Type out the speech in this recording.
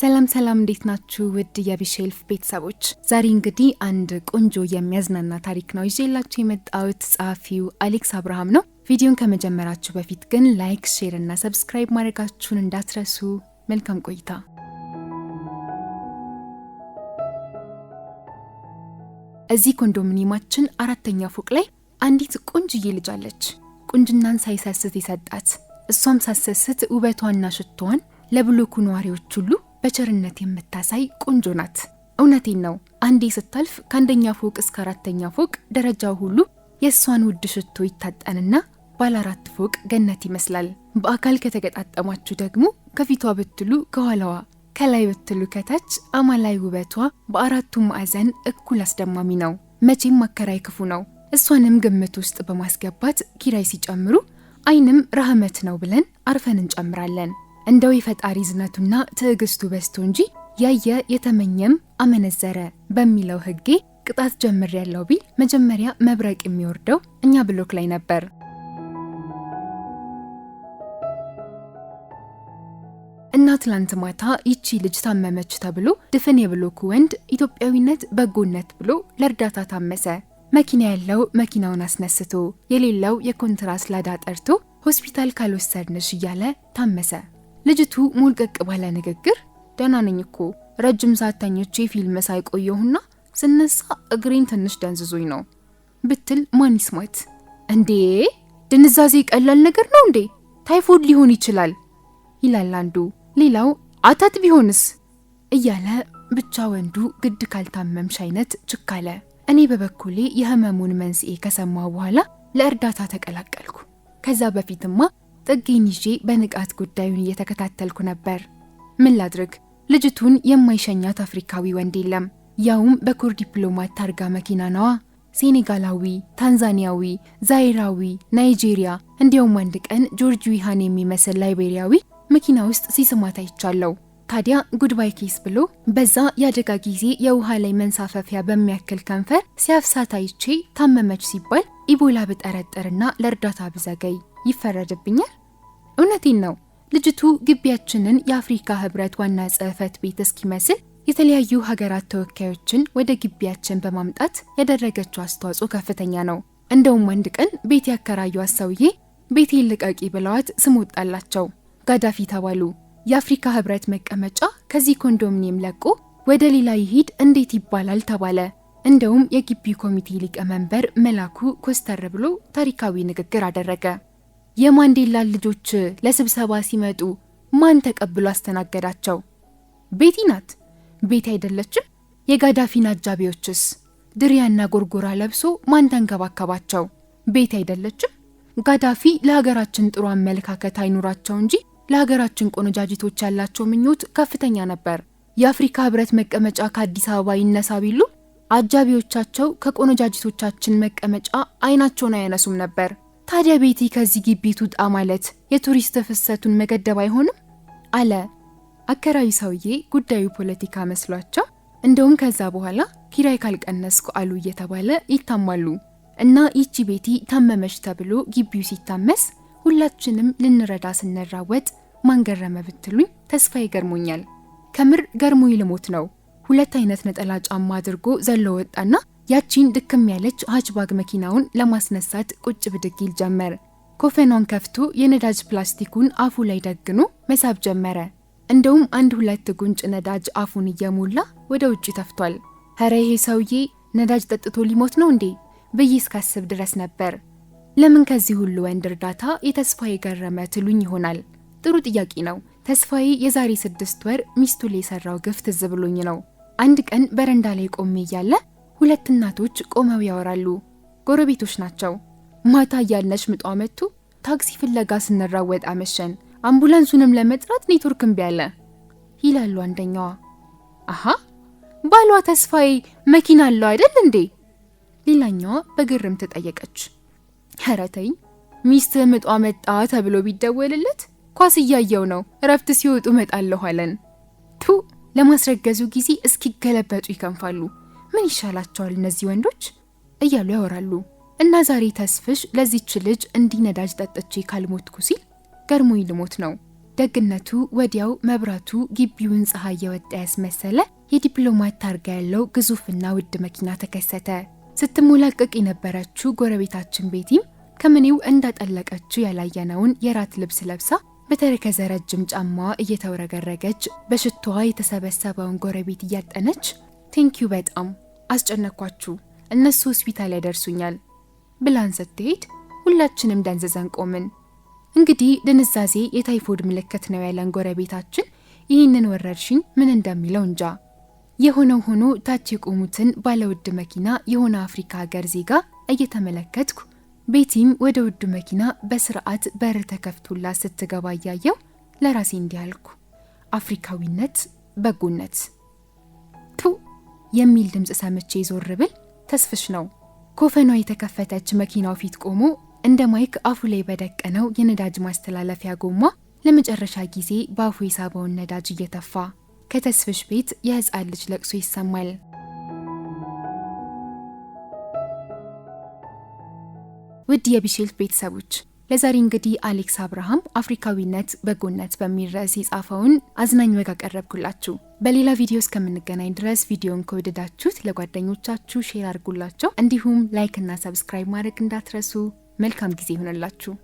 ሰላም ሰላም፣ እንዴት ናችሁ ውድ የቢሼልፍ ቤተሰቦች? ዛሬ እንግዲህ አንድ ቆንጆ የሚያዝናና ታሪክ ነው ይዤላችሁ የመጣሁት። ጸሐፊው አሌክስ አብርሃም ነው። ቪዲዮን ከመጀመራችሁ በፊት ግን ላይክ፣ ሼር እና ሰብስክራይብ ማድረጋችሁን እንዳትረሱ። መልካም ቆይታ። እዚህ ኮንዶሚኒየማችን አራተኛ ፎቅ ላይ አንዲት ቆንጅዬ ልጅ አለች። ቁንጅናን ሳይሰስት የሰጣት እሷም ሳሰስት ውበቷና ሽቶዋን ለብሎኩ ነዋሪዎች ሁሉ በቸርነት የምታሳይ ቆንጆ ናት። እውነቴን ነው። አንዴ ስታልፍ ከአንደኛ ፎቅ እስከ አራተኛ ፎቅ ደረጃው ሁሉ የእሷን ውድ ሽቶ ይታጠንና ባለ አራት ፎቅ ገነት ይመስላል። በአካል ከተገጣጠማችሁ ደግሞ ከፊቷ ብትሉ ከኋላዋ፣ ከላይ ብትሉ ከታች አማላይ ውበቷ በአራቱ ማዕዘን እኩል አስደማሚ ነው። መቼም አከራይ ክፉ ነው። እሷንም ግምት ውስጥ በማስገባት ኪራይ ሲጨምሩ አይንም ረህመት ነው ብለን አርፈን እንጨምራለን። እንደው የፈጣሪ ዝነቱና ትዕግስቱ በስቶ እንጂ ያየ የተመኘም አመነዘረ በሚለው ህጌ ቅጣት ጀምር ያለው ቢል መጀመሪያ መብረቅ የሚወርደው እኛ ብሎክ ላይ ነበር። እና ትላንት ማታ ይቺ ልጅ ታመመች ተብሎ ድፍን የብሎኩ ወንድ ኢትዮጵያዊነት በጎነት ብሎ ለእርዳታ ታመሰ። መኪና ያለው መኪናውን አስነስቶ የሌለው የኮንትራስ ላዳ ጠርቶ ሆስፒታል ካልወሰድንሽ እያለ ታመሰ። ልጅቱ ሞልቀቅ ባለ ንግግር ደህና ነኝ እኮ ረጅም ሰዓት ተኝቼ ፊልም ሳይ ስነሳ እግሬን ትንሽ ደንዝዞኝ ነው ብትል ማን ይስማት እንዴ? ድንዛዜ ቀላል ነገር ነው እንዴ? ታይፎድ ሊሆን ይችላል ይላል አንዱ። ሌላው አተት ቢሆንስ እያለ ብቻ ወንዱ ግድ ካልታመምሽ አይነት ችካለ። እኔ በበኩሌ የህመሙን መንስኤ ከሰማ በኋላ ለእርዳታ ተቀላቀልኩ። ከዛ በፊትማ ጥጌን ይዤ በንቃት ጉዳዩን እየተከታተልኩ ነበር። ምን ላድርግ፣ ልጅቱን የማይሸኛት አፍሪካዊ ወንድ የለም። ያውም በኩር ዲፕሎማት ታርጋ መኪና ነዋ። ሴኔጋላዊ፣ ታንዛኒያዊ፣ ዛይራዊ፣ ናይጄሪያ እንዲያውም አንድ ቀን ጆርጅ ዊሃን የሚመስል ላይቤሪያዊ መኪና ውስጥ ሲስማት አይቻለሁ። ታዲያ ጉድባይ ኬስ ብሎ በዛ የአደጋ ጊዜ የውሃ ላይ መንሳፈፊያ በሚያክል ከንፈር ሲያፍሳት አይቼ ታመመች ሲባል ኢቦላ ብጠረጥርና ለእርዳታ ብዘገይ ይፈረድብኛል? እውነቴን ነው። ልጅቱ ግቢያችንን የአፍሪካ ህብረት ዋና ጽህፈት ቤት እስኪመስል የተለያዩ ሀገራት ተወካዮችን ወደ ግቢያችን በማምጣት ያደረገችው አስተዋጽኦ ከፍተኛ ነው። እንደውም አንድ ቀን ቤት ያከራዩት ሰውዬ ቤቴ ልቀቂ ብለዋት ስም ወጣላቸው። ጋዳፊ ተባሉ። የአፍሪካ ህብረት መቀመጫ ከዚህ ኮንዶሚኒየም ለቆ ወደ ሌላ ይሂድ እንዴት ይባላል ተባለ። እንደውም የግቢ ኮሚቴ ሊቀመንበር መላኩ ኮስተር ብሎ ታሪካዊ ንግግር አደረገ። የማንዴላ ልጆች ለስብሰባ ሲመጡ ማን ተቀብሎ አስተናገዳቸው? ቤቲ ናት። ቤቲ አይደለችም? የጋዳፊን አጃቢዎችስ ድሪያና ጎርጎራ ለብሶ ማን ተንከባከባቸው? ቤቲ አይደለችም? ጋዳፊ ለሀገራችን ጥሩ አመለካከት አይኑራቸው እንጂ ለሀገራችን ቆነጃጅቶች ያላቸው ምኞት ከፍተኛ ነበር። የአፍሪካ ህብረት መቀመጫ ከአዲስ አበባ ይነሳ ቢሉ አጃቢዎቻቸው ከቆነጃጅቶቻችን መቀመጫ አይናቸውን አያነሱም ነበር። ታዲያ ቤቲ ከዚህ ግቢ ትውጣ ማለት የቱሪስት ፍሰቱን መገደብ አይሆንም? አለ አከራዊ ሰውዬ። ጉዳዩ ፖለቲካ መስሏቸው እንደውም ከዛ በኋላ ኪራይ ካልቀነስኩ አሉ እየተባለ ይታማሉ። እና ይቺ ቤቲ ታመመች ተብሎ ግቢው ሲታመስ ሁላችንም ልንረዳ ስንራወጥ ማንገረመ ብትሉኝ ተስፋ ይገርሞኛል። ከምር ገርሞኝ ልሞት ነው። ሁለት አይነት ነጠላ ጫማ አድርጎ ዘሎ ወጣና ያቺን ድክም ያለች ሃችባግ መኪናውን ለማስነሳት ቁጭ ብድግ ይል ጀመር። ኮፈኗን ከፍቶ የነዳጅ ፕላስቲኩን አፉ ላይ ደግኖ መሳብ ጀመረ። እንደውም አንድ ሁለት ጉንጭ ነዳጅ አፉን እየሞላ ወደ ውጭ ተፍቷል። ኸረ ይሄ ሰውዬ ነዳጅ ጠጥቶ ሊሞት ነው እንዴ ብዬ እስካስብ ድረስ ነበር። ለምን ከዚህ ሁሉ ወንድ እርዳታ የተስፋዬ ገረመ ትሉኝ ይሆናል። ጥሩ ጥያቄ ነው። ተስፋዬ የዛሬ ስድስት ወር ሚስቱ ላይ የሰራው ግፍ ትዝ ብሎኝ ነው። አንድ ቀን በረንዳ ላይ ቆሜ እያለ ሁለት እናቶች ቆመው ያወራሉ። ጎረቤቶች ናቸው። ማታ እያልነች ምጧ መጥቶ ታክሲ ፍለጋ ስንራወጥ አመሸን። አምቡላንሱንም ለመጥራት ኔትወርክ እምቢ አለ ይላሉ አንደኛዋ። አሃ ባሏ ተስፋዬ መኪና አለው አይደል እንዴ? ሌላኛዋ በግርም ተጠየቀች። ኧረ ሚስት ምጧ መጣ ተብሎ ቢደወልለት ኳስ እያየው ነው እረፍት ሲወጡ መጣለሁ አለን። ቱ ለማስረገዙ ጊዜ እስኪገለበጡ ይከንፋሉ። ምን ይሻላቸዋል እነዚህ ወንዶች እያሉ ያወራሉ። እና ዛሬ ተስፍሽ ለዚች ልጅ እንዲህ ነዳጅ ጠጥቼ ካልሞትኩ ሲል ገርሞኝ ልሞት ነው። ደግነቱ ወዲያው መብራቱ ግቢውን ፀሐይ የወጣ ያስመሰለ የዲፕሎማት ታርጋ ያለው ግዙፍና ውድ መኪና ተከሰተ። ስትሞላቀቅ የነበረችው ጎረቤታችን ቤቲም ከምኔው እንዳጠለቀችው ያላየነውን የራት ልብስ ለብሳ በተረከዘ ረጅም ጫማዋ እየተውረገረገች በሽቶዋ የተሰበሰበውን ጎረቤት እያጠነች ቴንኪዩ በጣም አስጨነኳችሁ፣ እነሱ ሆስፒታል ያደርሱኛል ብላን ስትሄድ ሁላችንም ደንዝዘን ቆምን። እንግዲህ ድንዛዜ የታይፎድ ምልክት ነው ያለን ጎረቤታችን ይህንን ወረርሽኝ ምን እንደሚለው እንጃ። የሆነው ሆኖ ታች የቆሙትን ባለውድ መኪና የሆነ አፍሪካ ሀገር ዜጋ እየተመለከትኩ ቤቲም ወደ ውድ መኪና በስርዓት በር ተከፍቶላ ስትገባ እያየው ለራሴ እንዲህ አልኩ፣ አፍሪካዊነት በጎነት ቱ የሚል ድምፅ ሰምቼ ዞር ብል ተስፍሽ ነው። ኮፈኗ የተከፈተች መኪናው ፊት ቆሞ እንደ ማይክ አፉ ላይ በደቀነው የነዳጅ ማስተላለፊያ ጎማ ለመጨረሻ ጊዜ በአፉ የሳበውን ነዳጅ እየተፋ ከተስፍሽ ቤት የህፃን ልጅ ለቅሶ ይሰማል። ውድ የቢሼልት ቤተሰቦች ለዛሬ እንግዲህ አሌክስ አብርሃም አፍሪካዊነት በጎነት በሚል ርዕስ የጻፈውን አዝናኝ ወግ አቀረብኩላችሁ። በሌላ ቪዲዮ እስከምንገናኝ ድረስ ቪዲዮን ከወደዳችሁት ለጓደኞቻችሁ ሼር አድርጉላቸው። እንዲሁም ላይክ እና ሰብስክራይብ ማድረግ እንዳትረሱ። መልካም ጊዜ ይሆንላችሁ።